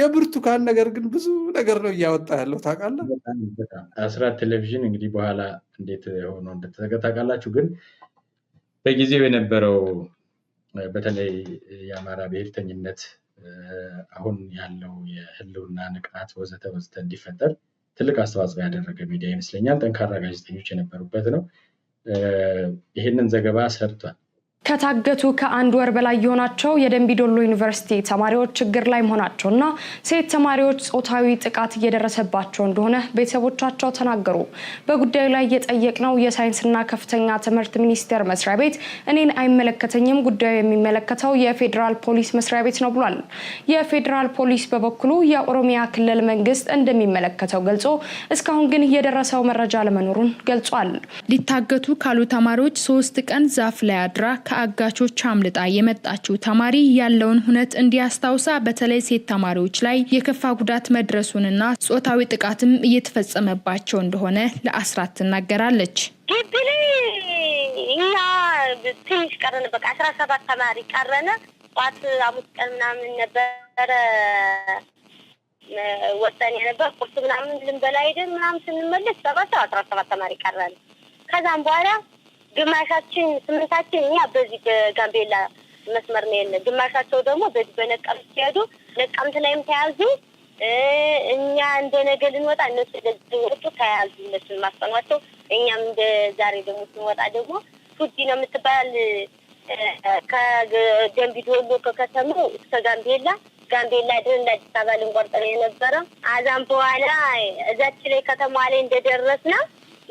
የብርቱካን ነገር ግን ብዙ ነገር ነው እያወጣ ያለው ታውቃለህ። አስራት ቴሌቪዥን እንግዲህ በኋላ እንዴት ሆኖ እንደተዘጋ ግን በጊዜው የነበረው በተለይ የአማራ ብሔርተኝነት አሁን ያለው የህልውና ንቃት ወዘተ ወዘተ እንዲፈጠር ትልቅ አስተዋጽኦ ያደረገ ሚዲያ ይመስለኛል። ጠንካራ ጋዜጠኞች የነበሩበት ነው። ይህንን ዘገባ ሰርቷል። ከታገቱ ከአንድ ወር በላይ የሆናቸው የደንቢዶሎ ዩኒቨርሲቲ ተማሪዎች ችግር ላይ መሆናቸውና ሴት ተማሪዎች ጾታዊ ጥቃት እየደረሰባቸው እንደሆነ ቤተሰቦቻቸው ተናገሩ። በጉዳዩ ላይ የጠየቅነው የሳይንስና ከፍተኛ ትምህርት ሚኒስቴር መስሪያ ቤት እኔን አይመለከተኝም፣ ጉዳዩ የሚመለከተው የፌዴራል ፖሊስ መስሪያ ቤት ነው ብሏል። የፌዴራል ፖሊስ በበኩሉ የኦሮሚያ ክልል መንግስት እንደሚመለከተው ገልጾ እስካሁን ግን የደረሰው መረጃ ለመኖሩን ገልጿል። ሊታገቱ ካሉ ተማሪዎች ሶስት ቀን ዛፍ ላይ አድራ ከአጋቾች አምልጣ የመጣችው ተማሪ ያለውን ሁነት እንዲያስታውሳ በተለይ ሴት ተማሪዎች ላይ የከፋ ጉዳት መድረሱንና ጾታዊ ጥቃትም እየተፈጸመባቸው እንደሆነ ለአስራት ትናገራለች። ግቢ ላይ እኛ ትንሽ ቀረን፣ በቃ አስራ ሰባት ተማሪ ቀረነ። ጠዋት አሙስ ቀን ምናምን ነበረ ወጠን የነበር ቁርስ ምናምን ልንበላ ሄደን ምናምን ስንመለስ ሰባት አስራ ሰባት ተማሪ ቀረን። ከዛም በኋላ ግማሻችን ስምንታችን እኛ በዚህ በጋምቤላ መስመር ነው ያለ። ግማሻቸው ደግሞ በዚህ በነቀምት ሲሄዱ ነቀምት ላይም ተያዙ። እኛ እንደ ነገ ልንወጣ እነሱ ወጡ ተያዙ። እነሱን ማስጠኗቸው እኛም እንደ ዛሬ ደግሞ ስንወጣ ደግሞ ፉዲ ነው የምትባል ከደንቢት ወሎ ከከተማው እስከ ጋምቤላ ጋምቤላ ድረስ አዲስ አበባ ልንቆርጥ የነበረ። አዛም በኋላ እዛች ላይ ከተማ ላይ እንደደረስ ነው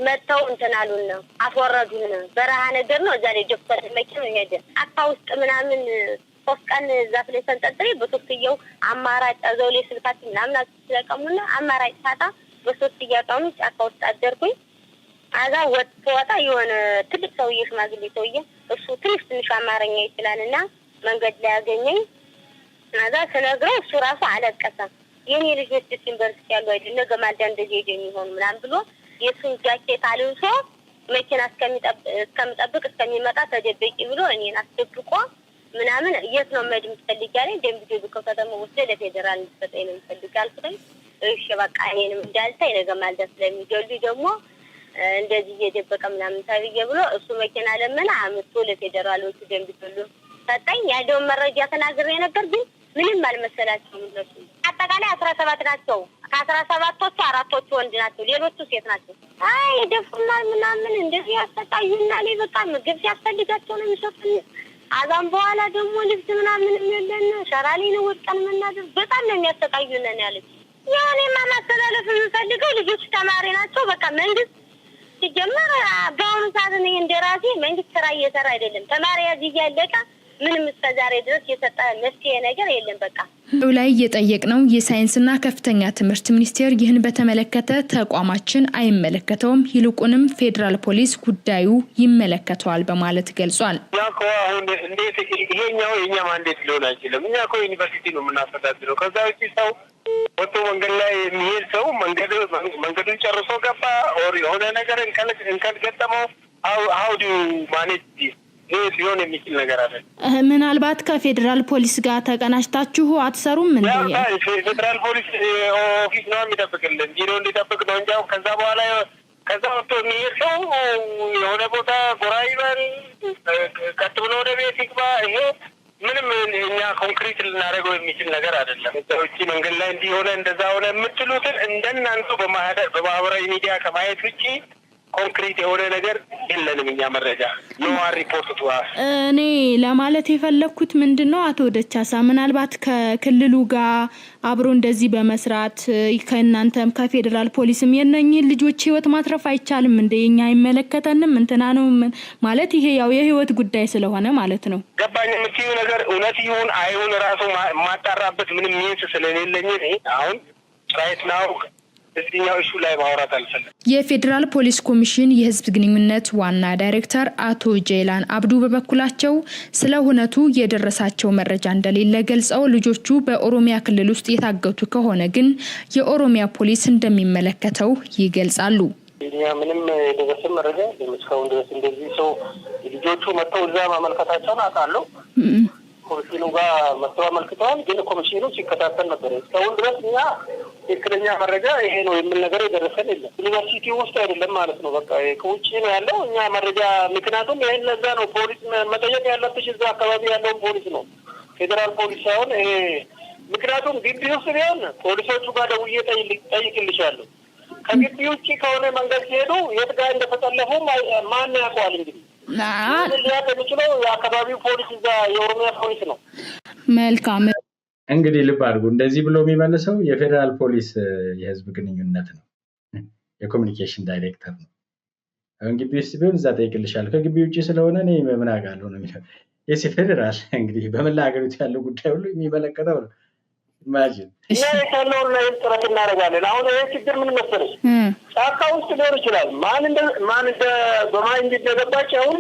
መጥተው እንትናሉን አሉን፣ አስወረዱን። በረሃ ነገር ነው። እዛ ላይ ዶክተር መኪና ሄደ አካ ውስጥ ምናምን ሶስት ቀን ዛፍ ላይ ሰንጠጥሬ በሶስትየው አማራጭ ዘውሌ ስልካት ምናምን ስለቀሙና አማራጭ ሳታ በሶስትያ እያቀሙ ጫካ ውስጥ አደርኩኝ። አዛ ወጥተወጣ የሆነ ትልቅ ሰውዬ ሽማግሌ ሰውዬ እሱ ትንሽ ትንሽ አማርኛ ይችላል እና መንገድ ላይ ያገኘኝ አዛ ስነግረው እሱ ራሱ አለቀሰ። የኔ ልጆች ዩኒቨርሲቲ ያሉ አይደል ነገ ማልዳ እንደዚህ ሄደ የሚሆኑ ምናምን ብሎ የሱን ጃኬት አልብሶ መኪና እስከሚጠብቅ እስከሚመጣ ተደበቂ ብሎ እኔን አስደብቆ ምናምን የት ነው መድ የምትፈልጊ አለኝ። ደንብ ዶብከው ከተማ ወስደ ለፌዴራል እንድሰጠኝ ነው የምፈልጊ አልኩትኝ። እሺ በቃ እኔንም እንዳልታይ ነገ ማልዳ ስለሚገሉ ደግሞ እንደዚህ እየደበቀ ምናምን ተብዬ ብሎ እሱ መኪና ለመና አምቶ ለፌዴራሎቹ ደንብ ዶሎ ሰጠኝ። ያለውን መረጃ ተናግሬ ነበር ግን ምንም አልመሰላቸውም። እነሱ አጠቃላይ አስራ ሰባት ናቸው። ከአስራ ሰባቶቹ አራቶቹ ወንድ ናቸው፣ ሌሎቹ ሴት ናቸው። አይ ደፉናል ምናምን እንደዚህ ያሰቃዩና ላይ በቃ ምግብ ሲያስፈልጋቸው ነው የሚሰጡን። አዛም በኋላ ደግሞ ልብስ ምናምን የለን ሸራ ላይ ነው ወድቀን መናገር በጣም ነው የሚያሰቃዩነን ያለች የኔ ማማስተላለፍ የምፈልገው ልጆች ተማሪ ናቸው። በቃ መንግስት ሲጀመር በአሁኑ ሰዓት እኔ እንደራሴ መንግስት ስራ እየሰራ አይደለም። ተማሪ ያዝ እያለቀ ምንም እስከዛሬ ድረስ የሰጠ መፍትሄ ነገር የለም። በቃ ው ላይ ነው የሳይንስና ከፍተኛ ትምህርት ሚኒስቴር ይህን በተመለከተ ተቋማችን አይመለከተውም፣ ይልቁንም ፌዴራል ፖሊስ ጉዳዩ ይመለከተዋል በማለት ገልጿል። እኛ እኮ አሁን እንዴት ይሄኛው የእኛ ማንዴት ሊሆን አይችልም። እኛ እኮ ዩኒቨርሲቲ ነው የምናስተዳድረው። ከዛ ውጭ ሰው ወጥቶ መንገድ ላይ የሚሄድ ሰው መንገዱን ጨርሶ ገባ ኦር የሆነ ነገር እንከል ገጠመው ሀው ማኔጅ ይህ ሊሆን የሚችል ነገር አለ። ምናልባት ከፌዴራል ፖሊስ ጋር ተቀናጅታችሁ አትሰሩም? እንደ ፌዴራል ፖሊስ ኦፊስ ነው የሚጠብቅልን ቢሮ እንዲጠብቅ ነው እንጂ ከዛ በኋላ ከዛ ወጥቶ የሚሄድ ሰው የሆነ ቦታ ጎራ ይበል፣ ቀጥ ብሎ ወደ ቤት ይግባ። ይሄ ምንም እኛ ኮንክሪት ልናደርገው የሚችል ነገር አይደለም። ውጭ መንገድ ላይ እንዲሆነ እንደዛ ሆነ የምትሉትን እንደናንተ በማህበራዊ ሚዲያ ከማየት ውጭ ኮንክሪት የሆነ ነገር የለንም። እኛ መረጃ ነዋር ሪፖርት ትዋል። እኔ ለማለት የፈለግኩት ምንድን ነው አቶ ደቻሳ ምናልባት ከክልሉ ጋር አብሮ እንደዚህ በመስራት ከእናንተም ከፌዴራል ፖሊስም የነኝህን ልጆች ህይወት ማትረፍ አይቻልም እንደ የኛ አይመለከተንም እንትና ነው ማለት ይሄ ያው የህይወት ጉዳይ ስለሆነ ማለት ነው። ገባኝ የምትይው ነገር እውነት ይሁን አይሁን ራሱ ማጣራበት ምንም ሚንስ ስለሌለኝ አሁን ራይት ናው እዚህኛው እሱ ላይ ማውራት አልፈለም። የፌዴራል ፖሊስ ኮሚሽን የህዝብ ግንኙነት ዋና ዳይሬክተር አቶ ጄላን አብዱ በበኩላቸው ስለ ሁነቱ የደረሳቸው መረጃ እንደሌለ ገልጸው ልጆቹ በኦሮሚያ ክልል ውስጥ የታገቱ ከሆነ ግን የኦሮሚያ ፖሊስ እንደሚመለከተው ይገልጻሉ። እኛ ምንም የደረሰ መረጃ እስካሁን ድረስ እንደዚህ ሰው ልጆቹ መጥተው እዛ ማመልከታቸውን አውቃለሁ። ኮሚሽኑ ጋር መጥተው አመልክተዋል። ግን ኮሚሽኑ ሲከታተል ነበር እስካሁን ድረስ እኛ ትክክለኛ መረጃ ይሄ ነው የምል ነገር የደረሰን የለም። ዩኒቨርሲቲ ውስጥ አይደለም ማለት ነው። በቃ ከውጭ ነው ያለው እኛ መረጃ። ምክንያቱም ይህን ለዛ ነው ፖሊስ መጠየቅ ያለብሽ እዛ አካባቢ ያለውን ፖሊስ ነው፣ ፌዴራል ፖሊስ ሳይሆን ይሄ ምክንያቱም ግቢ ውስጥ ቢሆን ፖሊሶቹ ጋር ደውዬ ጠይቅልሻለሁ። ከግቢ ውጭ ከሆነ መንገድ ሲሄዱ የት ጋር እንደተጠለፉ ማን ያውቀዋል? እንግዲህ ሊያቅ የሚችለው የአካባቢው ፖሊስ እዛ የኦሮሚያ ፖሊስ ነው። መልካም እንግዲህ ልብ አድርጉ። እንደዚህ ብሎ የሚመልሰው የፌዴራል ፖሊስ የህዝብ ግንኙነት ነው፣ የኮሚኒኬሽን ዳይሬክተር ነው። አሁን ግቢ ውስጥ ቢሆን እዛ ጠይቅልሻል። ከግቢ ውጭ ስለሆነ እኔ ምን አውቃለሁ ነው የሚለው። የፌዴራል እንግዲህ በመላ ሀገሪቱ ያለው ጉዳይ ሁሉ የሚመለከተው ነው። ያለውን ነገር ጥረት እናደርጋለን። አሁን ይህ ችግር ምን መሰለሽ፣ ጫካ ውስጥ ሊሆን ይችላል። ማን ማን በማን እንደገባች አሁን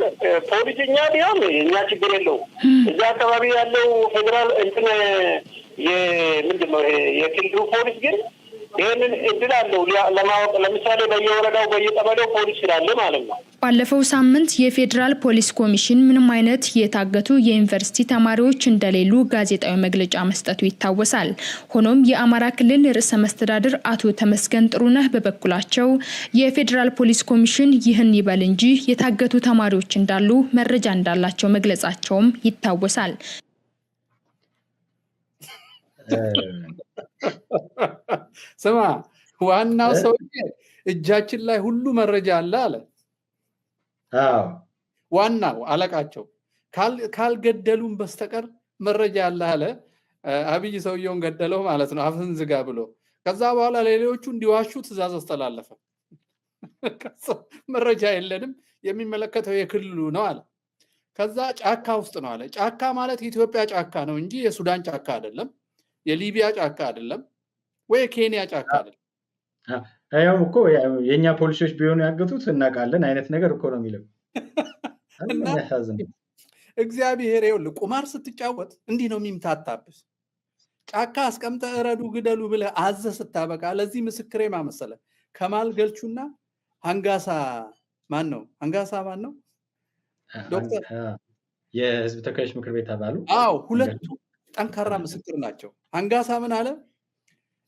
ፖሊስ እኛ ቢሆን እኛ ችግር የለውም። እዚያ አካባቢ ያለው ፌዴራል እንትን የምንድን ነው የክልሉ ፖሊስ ግን ይህንን እድል አለው ለማወቅ ለምሳሌ በየወረዳው በየቀበሌው ፖሊስ ስላለ ማለት ነው። ባለፈው ሳምንት የፌዴራል ፖሊስ ኮሚሽን ምንም አይነት የታገቱ የዩኒቨርሲቲ ተማሪዎች እንደሌሉ ጋዜጣዊ መግለጫ መስጠቱ ይታወሳል። ሆኖም የአማራ ክልል ርዕሰ መስተዳድር አቶ ተመስገን ጥሩነህ በበኩላቸው የፌዴራል ፖሊስ ኮሚሽን ይህን ይበል እንጂ የታገቱ ተማሪዎች እንዳሉ መረጃ እንዳላቸው መግለጻቸውም ይታወሳል። ስማ፣ ዋናው ሰው እጃችን ላይ ሁሉ መረጃ አለ አለ። ዋናው አለቃቸው ካልገደሉም በስተቀር መረጃ አለ አለ። አብይ ሰውየውን ገደለው ማለት ነው፣ አፍህን ዝጋ ብሎ። ከዛ በኋላ ሌሎቹ እንዲዋሹ ትእዛዝ አስተላለፈ። መረጃ የለንም የሚመለከተው የክልሉ ነው አለ። ከዛ ጫካ ውስጥ ነው አለ። ጫካ ማለት የኢትዮጵያ ጫካ ነው እንጂ የሱዳን ጫካ አይደለም። የሊቢያ ጫካ አይደለም ወይ የኬንያ ጫካ አይደለም። ያው እኮ የእኛ ፖሊሶች ቢሆኑ ያገቱት እናቃለን አይነት ነገር እኮ ነው የሚለው። እግዚአብሔር ይኸውልህ፣ ቁማር ስትጫወት እንዲህ ነው የሚምታታብስ ጫካ አስቀምጠ እረዱ ግደሉ ብለ አዘ ስታበቃ፣ ለዚህ ምስክሬ ማመሰለ ከማል ገልቹና አንጋሳ ማን ነው? አንጋሳ ማን ነው? ዶክተር የህዝብ ተወካዮች ምክር ቤት አባሉ። አዎ ሁለቱ ጠንካራ ምስክር ናቸው። አንጋሳ ምን አለ?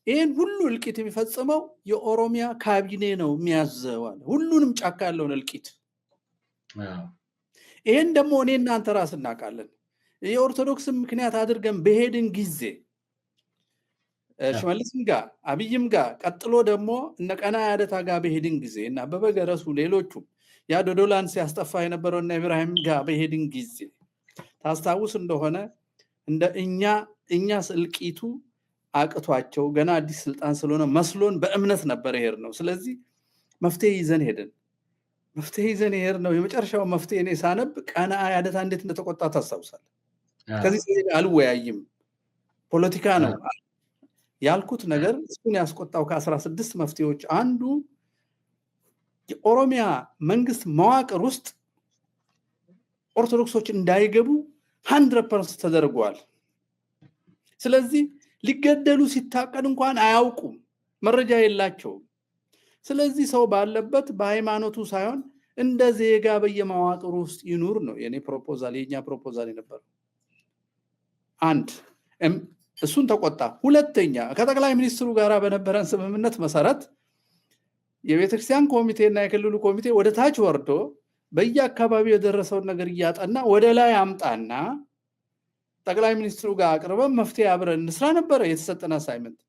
ይህን ሁሉ እልቂት የሚፈጽመው የኦሮሚያ ካቢኔ ነው የሚያዘዋል። ሁሉንም ጫካ ያለውን እልቂት። ይህን ደግሞ እኔ እናንተ ራስ እናውቃለን። የኦርቶዶክስን ምክንያት አድርገን በሄድን ጊዜ ሽመልስም ጋር አብይም ጋር ቀጥሎ ደግሞ እነ ቀና ያደታ ጋር በሄድን ጊዜ እና በበገረሱ ሌሎቹም ያ ዶዶላን ሲያስጠፋ እና ኢብራሂም ጋር በሄድን ጊዜ ታስታውስ እንደሆነ እንደ እኛ እኛ ስልቂቱ አቅቷቸው ገና አዲስ ስልጣን ስለሆነ መስሎን በእምነት ነበር ይሄድ ነው። ስለዚህ መፍትሄ ይዘን ሄድን። መፍትሄ ይዘን ይሄድ ነው። የመጨረሻው መፍትሄ እኔ ሳነብ ቀና ያደታ እንዴት እንደተቆጣ ታስታውሳል። ከዚህ አልወያይም ፖለቲካ ነው ያልኩት ነገር እሱን ያስቆጣው ከአስራ ስድስት መፍትሄዎች አንዱ የኦሮሚያ መንግስት መዋቅር ውስጥ ኦርቶዶክሶች እንዳይገቡ ሀንድረድ ፐርሰንት ተደርጓል። ስለዚህ ሊገደሉ ሲታቀድ እንኳን አያውቁም፣ መረጃ የላቸውም። ስለዚህ ሰው ባለበት በሃይማኖቱ ሳይሆን እንደ ዜጋ በየመዋቅሩ ውስጥ ይኑር ነው የኔ ፕሮፖዛል፣ የኛ ፕሮፖዛል የነበረው። አንድ እሱን ተቆጣ። ሁለተኛ ከጠቅላይ ሚኒስትሩ ጋር በነበረን ስምምነት መሰረት የቤተክርስቲያን ኮሚቴ እና የክልሉ ኮሚቴ ወደ ታች ወርዶ በየአካባቢው የደረሰውን ነገር እያጠና ወደ ላይ አምጣና ጠቅላይ ሚኒስትሩ ጋር አቅርበን መፍትሄ አብረን እንስራ ነበረ የተሰጠን አሳይመንት።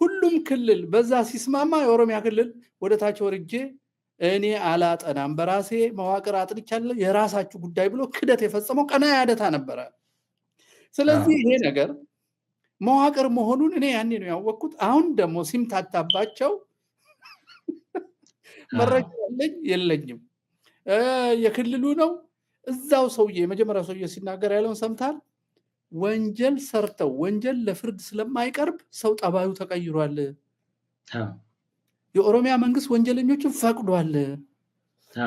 ሁሉም ክልል በዛ ሲስማማ የኦሮሚያ ክልል ወደ ታች ወርጄ እኔ አላጠናም በራሴ መዋቅር አጥንቻለሁ የራሳችሁ ጉዳይ ብሎ ክደት የፈጸመው ቀና ያደታ ነበረ። ስለዚህ ይሄ ነገር መዋቅር መሆኑን እኔ ያኔ ነው ያወቅኩት። አሁን ደግሞ ሲምታታባቸው መረጃ ያለኝ የለኝም የክልሉ ነው። እዛው ሰውዬ የመጀመሪያው ሰውዬ ሲናገር ያለውን ሰምታል። ወንጀል ሰርተው ወንጀል ለፍርድ ስለማይቀርብ ሰው ጠባዩ ተቀይሯል። የኦሮሚያ መንግስት ወንጀለኞችን ፈቅዷል።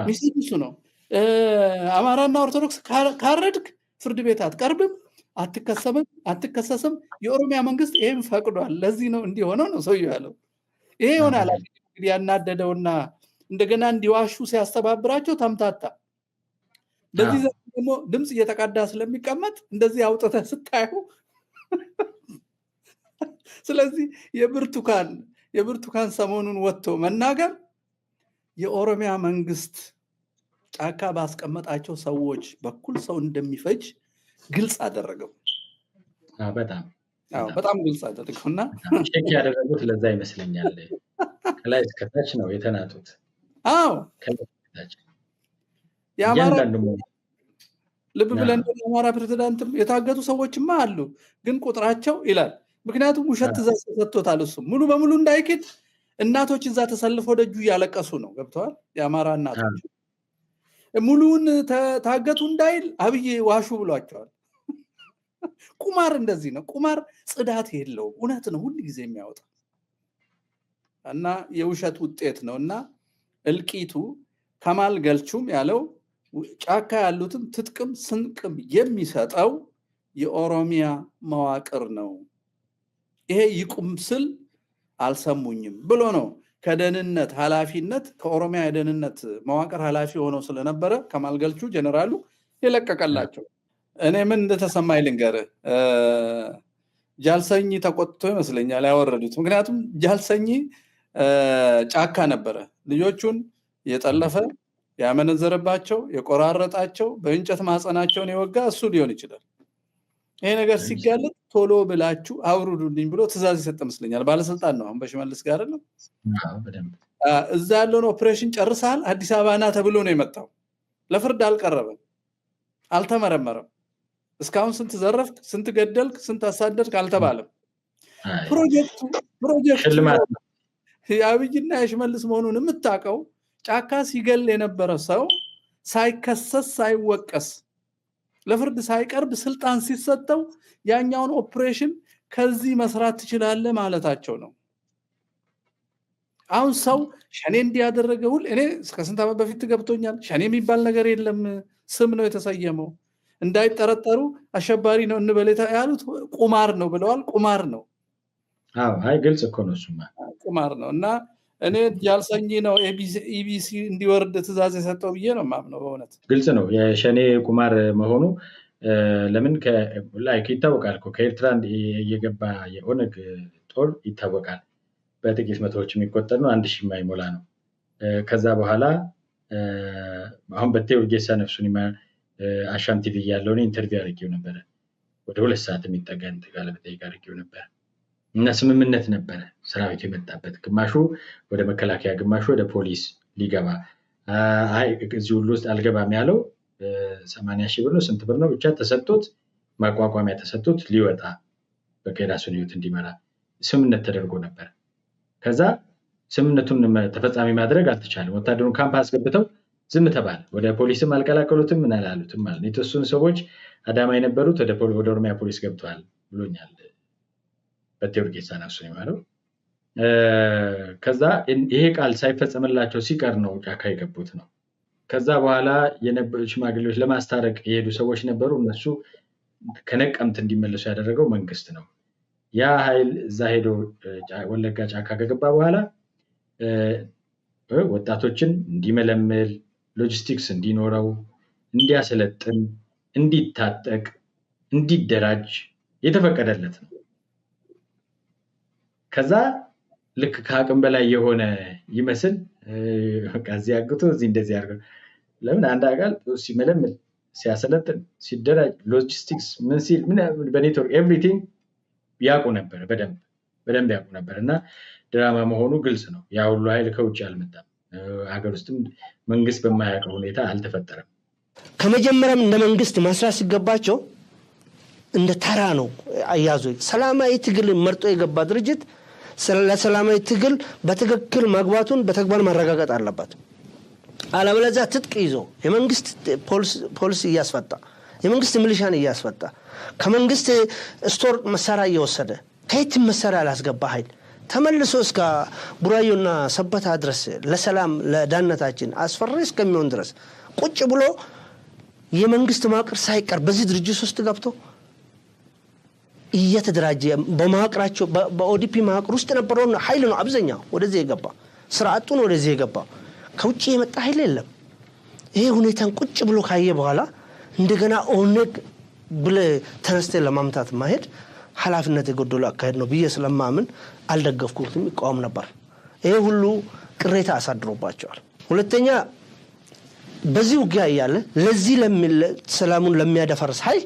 ሚስጥሩ ነው። አማራና ኦርቶዶክስ ካረድክ ፍርድ ቤት አትቀርብም፣ አትከሰብም፣ አትከሰስም። የኦሮሚያ መንግስት ይህም ፈቅዷል። ለዚህ ነው እንዲሆነው ነው ሰውየው ያለው። ይሄ ይሆናል እንግዲህ ያናደደውና እንደገና እንዲዋሹ ሲያስተባብራቸው ተምታታ። በዚህ ዘ ደግሞ ድምፅ እየተቀዳ ስለሚቀመጥ እንደዚህ አውጥተ ስታዩ ስለዚህ የብርቱካን የብርቱካን ሰሞኑን ወጥቶ መናገር የኦሮሚያ መንግስት ጫካ ባስቀመጣቸው ሰዎች በኩል ሰው እንደሚፈጅ ግልጽ አደረገው። በጣም በጣም ግልጽ አደረገው እና ያደረጉት ለዛ ይመስለኛል። ከላይ እስከታች ነው የተናጡት። አዎ ልብ ብለን የአማራ ፕሬዚዳንትም የታገቱ ሰዎችማ አሉ፣ ግን ቁጥራቸው ይላል። ምክንያቱም ውሸት ትእዛዝ ተሰጥቶታል። እሱ ሙሉ በሙሉ እንዳይኬድ እናቶች እዛ ተሰልፈው ደጁ እያለቀሱ ነው። ገብተዋል። የአማራ እናቶች ሙሉውን ታገቱ እንዳይል አብይ ዋሹ ብሏቸዋል። ቁማር እንደዚህ ነው። ቁማር ጽዳት የለውም። እውነት ነው ሁል ጊዜ የሚያወጣ እና የውሸት ውጤት ነው እና እልቂቱ ከማል ገልቹም ያለው ጫካ ያሉትም ትጥቅም ስንቅም የሚሰጠው የኦሮሚያ መዋቅር ነው። ይሄ ይቁም ስል አልሰሙኝም ብሎ ነው ከደህንነት ኃላፊነት ከኦሮሚያ የደህንነት መዋቅር ኃላፊ ሆነው ስለነበረ ከማል ገልቹ ጀነራሉ የለቀቀላቸው። እኔ ምን እንደተሰማኝ ልንገርህ። ጃልሰኝ ተቆጥቶ ይመስለኛል ያወረዱት። ምክንያቱም ጃልሰኝ ጫካ ነበረ። ልጆቹን የጠለፈ ያመነዘረባቸው፣ የቆራረጣቸው፣ በእንጨት ማህፀናቸውን የወጋ እሱ ሊሆን ይችላል። ይሄ ነገር ሲጋለጥ ቶሎ ብላችሁ አውርዱልኝ ብሎ ትእዛዝ ይሰጥ ይመስለኛል። ባለስልጣን ነው አሁን በሽመልስ ጋር ነው። እዛ ያለውን ኦፕሬሽን ጨርሳል። አዲስ አበባ ና ተብሎ ነው የመጣው። ለፍርድ አልቀረበም፣ አልተመረመረም። እስካሁን ስንት ዘረፍክ፣ ስንት ገደልክ፣ ስንት አሳደድክ አልተባለም። ፕሮጀክቱ ፕሮጀክቱ የአብይና የሽመልስ መሆኑን የምታውቀው ጫካ ሲገል የነበረ ሰው ሳይከሰስ ሳይወቀስ ለፍርድ ሳይቀርብ ስልጣን ሲሰጠው ያኛውን ኦፕሬሽን ከዚህ መስራት ትችላለህ ማለታቸው ነው። አሁን ሰው ሸኔ እንዲያደረገ ሁል እኔ እስከ ስንት ዓመት በፊት ገብቶኛል። ሸኔ የሚባል ነገር የለም፣ ስም ነው የተሰየመው። እንዳይጠረጠሩ አሸባሪ ነው እንበል ያሉት ቁማር ነው ብለዋል። ቁማር ነው አይ ግልጽ እኮ ነው እሱማ ቁማር ነው እና እኔ ያልሰኝ ነው ኢቢሲ እንዲወርድ ትእዛዝ የሰጠው ብዬ ነው የማምነው። በእውነት ግልጽ ነው የሸኔ ቁማር መሆኑ። ለምን ላይክ ይታወቃል፣ ከኤርትራ እየገባ የኦነግ ጦር ይታወቃል። በጥቂት መቶዎች የሚቆጠር ነው፣ አንድ ሺህ የማይሞላ ነው። ከዛ በኋላ አሁን በቴ ውርጌሳ ነፍሱን አሻም ቲቪ ያለውን ኢንተርቪው አርጌው ነበረ። ወደ ሁለት ሰዓት የሚጠጋ ንጠቃለ በጠይቅ አርጌው ነበር እና ስምምነት ነበረ ሰራዊቱ የመጣበት። ግማሹ ወደ መከላከያ፣ ግማሹ ወደ ፖሊስ ሊገባ እዚህ ሁሉ ውስጥ አልገባም ያለው ሰማኒያ ሺህ ብር ነው ስንት ብር ነው ብቻ ተሰጥቶት ማቋቋሚያ ተሰጥቶት ሊወጣ በቃ የራሱን ህይወት እንዲመራ ስምምነት ተደርጎ ነበር። ከዛ ስምምነቱን ተፈጻሚ ማድረግ አልተቻለም። ወታደሩን ካምፕ አስገብተው ዝም ተባለ። ወደ ፖሊስም አልቀላቀሉትም ምን አላሉትም ማለት ነው። የተወሰኑ ሰዎች አዳማ የነበሩት ወደ ኦሮሚያ ፖሊስ ገብተዋል ብሎኛል በቴዎርጌሳ ነፍሱን ይማረው። ከዛ ይሄ ቃል ሳይፈጸምላቸው ሲቀር ነው ጫካ የገቡት ነው። ከዛ በኋላ ሽማግሌዎች ለማስታረቅ የሄዱ ሰዎች ነበሩ። እነሱ ከነቀምት እንዲመለሱ ያደረገው መንግስት ነው። ያ ኃይል እዛ ሄዶ ወለጋ ጫካ ከገባ በኋላ ወጣቶችን እንዲመለምል፣ ሎጂስቲክስ እንዲኖረው፣ እንዲያሰለጥን፣ እንዲታጠቅ፣ እንዲደራጅ የተፈቀደለት ነው። ከዛ ልክ ከአቅም በላይ የሆነ ይመስል እዚህ አግቶ እዚህ እንደዚህ ያርገ ለምን አንድ አቃል ሲመለምል ሲያሰለጥን ሲደራጅ ሎጂስቲክስ ምን ሲል በኔትወርክ ኤቭሪቲንግ ያውቁ ነበረ በደንብ ያውቁ ነበር እና ድራማ መሆኑ ግልጽ ነው ያ ሁሉ ኃይል ከውጭ አልመጣም ሀገር ውስጥም መንግስት በማያውቀው ሁኔታ አልተፈጠረም ከመጀመሪያም እንደ መንግስት ማስራት ሲገባቸው እንደ ተራ ነው አያዞ ሰላማዊ ትግል መርጦ የገባ ድርጅት ለሰላማዊ ትግል በትክክል መግባቱን በተግባር ማረጋገጥ አለበት። አለበለዚያ ትጥቅ ይዞ የመንግስት ፖሊስ እያስፈጣ የመንግስት ሚሊሻን እያስፈጣ ከመንግስት ስቶር መሳሪያ እየወሰደ ከየትም መሳሪያ አላስገባ ኃይል ተመልሶ እስከ ቡራዮና ሰበታ ድረስ ለሰላም ለዳነታችን አስፈሪ እስከሚሆን ድረስ ቁጭ ብሎ የመንግስት ማቅር ሳይቀር በዚህ ድርጅት ውስጥ ገብቶ እየተደራጀ በማቅራቸው በኦዲፒ ማቅር ውስጥ የነበረው ኃይል ነው አብዛኛው ወደዚህ የገባ ስራ አጡን ወደዚህ የገባ ከውጭ የመጣ ኃይል የለም። ይሄ ሁኔታን ቁጭ ብሎ ካየ በኋላ እንደገና ኦነግ ብለ ተነስተ ለማምታት ማሄድ ኃላፊነት የጎደሉ አካሄድ ነው ብዬ ስለማምን አልደገፍኩትም። ይቃወም ነበር። ይሄ ሁሉ ቅሬታ አሳድሮባቸዋል። ሁለተኛ በዚህ ውጊያ እያለ ለዚህ ሰላሙን ለሚያደፈርስ ሀይል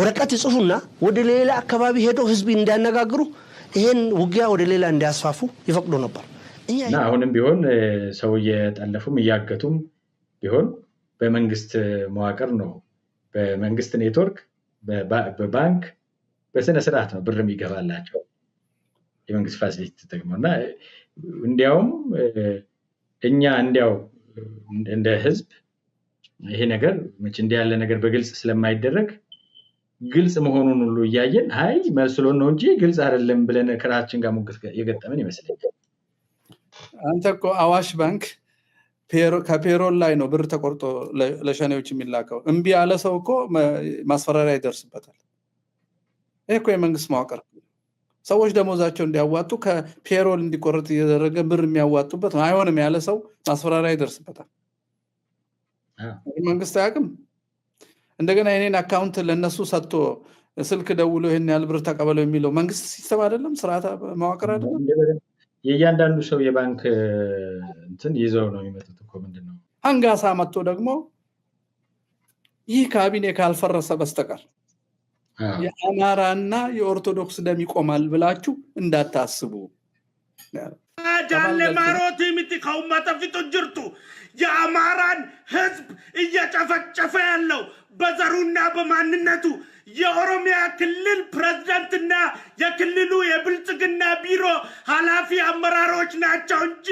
ወረቀት ይጽፉና ወደ ሌላ አካባቢ ሄዶ ህዝብ እንዲያነጋግሩ ይሄን ውጊያ ወደ ሌላ እንዲያስፋፉ ይፈቅዶ ነበር እና አሁንም ቢሆን ሰው እየጠለፉም እያገቱም ቢሆን በመንግስት መዋቅር ነው፣ በመንግስት ኔትወርክ፣ በባንክ በስነ ስርዓት ነው ብር የሚገባላቸው የመንግስት ፋሲሊቲ ተጠቅመው እና እንዲያውም እኛ እንዲያው እንደ ህዝብ ይሄ ነገር እንዲህ ያለ ነገር በግልጽ ስለማይደረግ ግልጽ መሆኑን ሁሉ እያየን አይ መስሎን ነው እንጂ ግልጽ አይደለም ብለን ከራችን ጋር ሙግት የገጠመን ይመስለኛል። አንተ እኮ አዋሽ ባንክ ከፔሮል ላይ ነው ብር ተቆርጦ ለሸኔዎች የሚላከው። እምቢ ያለ ሰው እኮ ማስፈራሪያ ይደርስበታል። ይህ እኮ የመንግስት መዋቅር ሰዎች ደሞዛቸው እንዲያዋጡ ከፔሮል እንዲቆረጥ እየደረገ ብር የሚያዋጡበት ነው። አይሆንም ያለ ሰው ማስፈራሪያ ይደርስበታል። መንግስት አያውቅም። እንደገና የኔን አካውንት ለእነሱ ሰጥቶ ስልክ ደውሎ ይህን ያህል ብር ተቀበለው የሚለው መንግስት ሲስተም አይደለም፣ ስርዓት መዋቅር አይደለም። የእያንዳንዱ ሰው የባንክ እንትን ይዘው ነው የሚመጡት እኮ ምንድን ነው አንጋሳ መጥቶ ደግሞ ይህ ካቢኔ ካልፈረሰ በስተቀር የአማራና የኦርቶዶክስ ደም ይቆማል ብላችሁ እንዳታስቡ። ዳለማሮቱ የምትከውመጠፊቱ ጅርቱ የአማራን ህዝብ እየጨፈጨፈ ያለው በዘሩና በማንነቱ የኦሮሚያ ክልል ፕሬዝዳንትና የክልሉ የብልጽግና ቢሮ ኃላፊ አመራሮች ናቸው እንጂ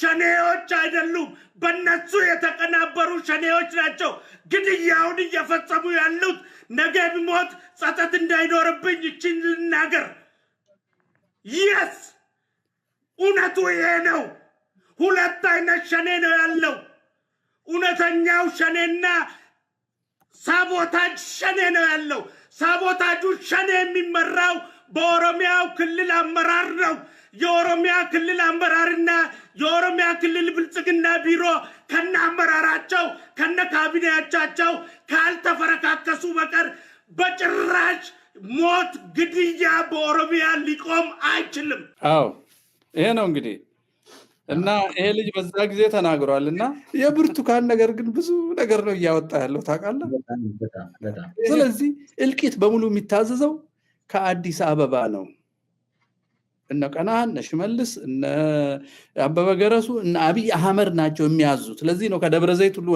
ሸኔዎች አይደሉም። በነሱ የተቀናበሩ ሸኔዎች ናቸው ግድያውን እየፈጸሙ ያሉት። ነገ ብሞት ጸጸት እንዳይኖርብኝ ይችን ልናገር። የስ እውነቱ ይሄ ነው። ሁለት አይነት ሸኔ ነው ያለው፣ እውነተኛው ሸኔና ሳቦታጅ ሸኔ ነው ያለው። ሳቦታጁ ሸኔ የሚመራው በኦሮሚያው ክልል አመራር ነው። የኦሮሚያ ክልል አመራርና የኦሮሚያ ክልል ብልጽግና ቢሮ ከነ አመራራቸው ከነ ካቢኔያቻቸው ካልተፈረካከሱ በቀር በጭራሽ ሞት፣ ግድያ በኦሮሚያ ሊቆም አይችልም። አዎ ይሄ ነው እንግዲህ እና ይሄ ልጅ በዛ ጊዜ ተናግሯል። እና የብርቱካን ነገር ግን ብዙ ነገር ነው እያወጣ ያለው ታውቃለህ። ስለዚህ እልቂት በሙሉ የሚታዘዘው ከአዲስ አበባ ነው። እነ ቀና እነ ሽመልስ እነ አበበ ገረሱ እነ አብይ አህመድ ናቸው የሚያዙት። ስለዚህ ነው ከደብረ ዘይት ሁሉ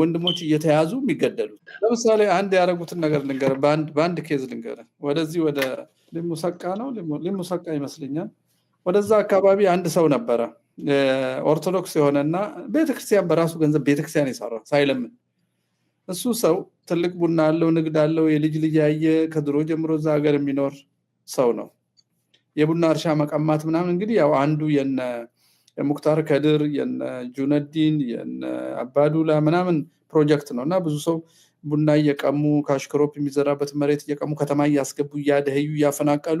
ወንድሞች እየተያዙ የሚገደሉት። ለምሳሌ አንድ ያደረጉትን ነገር ልንገር፣ በአንድ ኬዝ ልንገር። ወደዚህ ወደ ሊሙሰቃ ነው ሊሙሰቃ ይመስለኛል ወደዛ አካባቢ አንድ ሰው ነበረ ኦርቶዶክስ የሆነና ቤተክርስቲያን በራሱ ገንዘብ ቤተክርስቲያን የሰራ ሳይለምን እሱ ሰው ትልቅ ቡና አለው፣ ንግድ አለው። የልጅ ልጅ ያየ ከድሮ ጀምሮ እዛ ሀገር የሚኖር ሰው ነው። የቡና እርሻ መቀማት ምናምን እንግዲህ ያው አንዱ የነ ሙክታር ከድር የነ ጁነዲን የነ አባዱላ ምናምን ፕሮጀክት ነው እና ብዙ ሰው ቡና እየቀሙ ካሽክሮፕ የሚዘራበት መሬት እየቀሙ ከተማ እያስገቡ እያደህዩ እያፈናቀሉ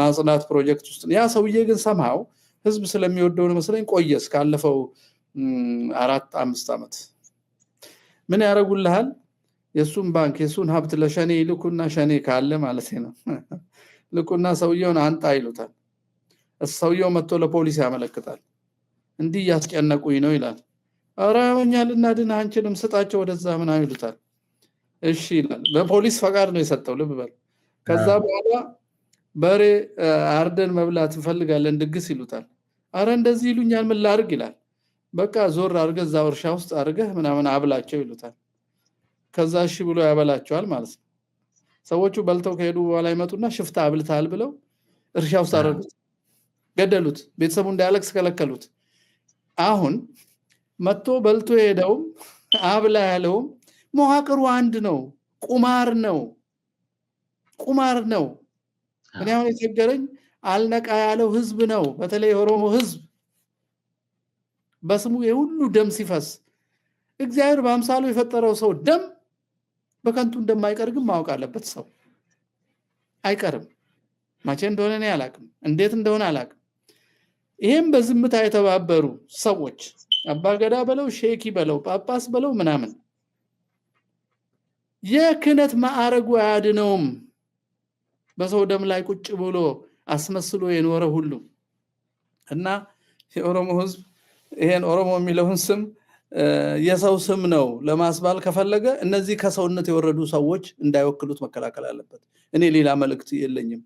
ማጽናት ፕሮጀክት ውስጥ ያ ሰውዬ ግን ሰምሃው ህዝብ ስለሚወደው መስለኝ ቆየ። እስካለፈው አራት አምስት ዓመት ምን ያደረጉልሃል? የእሱን ባንክ የእሱን ሀብት ለሸኔ ይልኩና ሸኔ ካለ ማለት ነው ልኩና ሰውየውን አንጣ ይሉታል። ሰውየው መጥቶ ለፖሊስ ያመለክታል። እንዲህ እያስጨነቁኝ ነው ይላል። ኧረ እኛ ልናድንህ አንችልም ስጣቸው ወደዛ ምን ይሉታል። እሺ ይላል። በፖሊስ ፈቃድ ነው የሰጠው። ልብ በል። ከዛ በኋላ በሬ አርደን መብላት እንፈልጋለን ድግስ ይሉታል። አረ እንደዚህ ይሉኛል፣ ምን ላርግ ይላል። በቃ ዞር አርገ እዛ እርሻ ውስጥ አርገህ ምናምን አብላቸው ይሉታል። ከዛ እሺ ብሎ ያበላቸዋል ማለት ነው። ሰዎቹ በልተው ከሄዱ በኋላ ይመጡና ሽፍታ አብልታል ብለው እርሻ ውስጥ አረጉት ገደሉት። ቤተሰቡ እንዳያለቅስ ከለከሉት። አሁን መጥቶ በልቶ የሄደውም አብላ ያለውም መዋቅሩ አንድ ነው። ቁማር ነው፣ ቁማር ነው። እኔ አሁን የቸገረኝ አልነቃ ያለው ህዝብ ነው። በተለይ የኦሮሞ ህዝብ በስሙ የሁሉ ደም ሲፈስ እግዚአብሔር በአምሳሉ የፈጠረው ሰው ደም በከንቱ እንደማይቀር ግን ማወቅ አለበት። ሰው አይቀርም። ማቼ እንደሆነ እኔ አላቅም፣ እንዴት እንደሆነ አላቅም። ይህም በዝምታ የተባበሩ ሰዎች አባገዳ በለው ሼኪ በለው ጳጳስ በለው ምናምን የክህነት ማዕረጉ አያድነውም። በሰው ደም ላይ ቁጭ ብሎ አስመስሎ የኖረ ሁሉ እና የኦሮሞ ህዝብ ይሄን ኦሮሞ የሚለውን ስም የሰው ስም ነው ለማስባል ከፈለገ እነዚህ ከሰውነት የወረዱ ሰዎች እንዳይወክሉት መከላከል አለበት። እኔ ሌላ መልእክት የለኝም።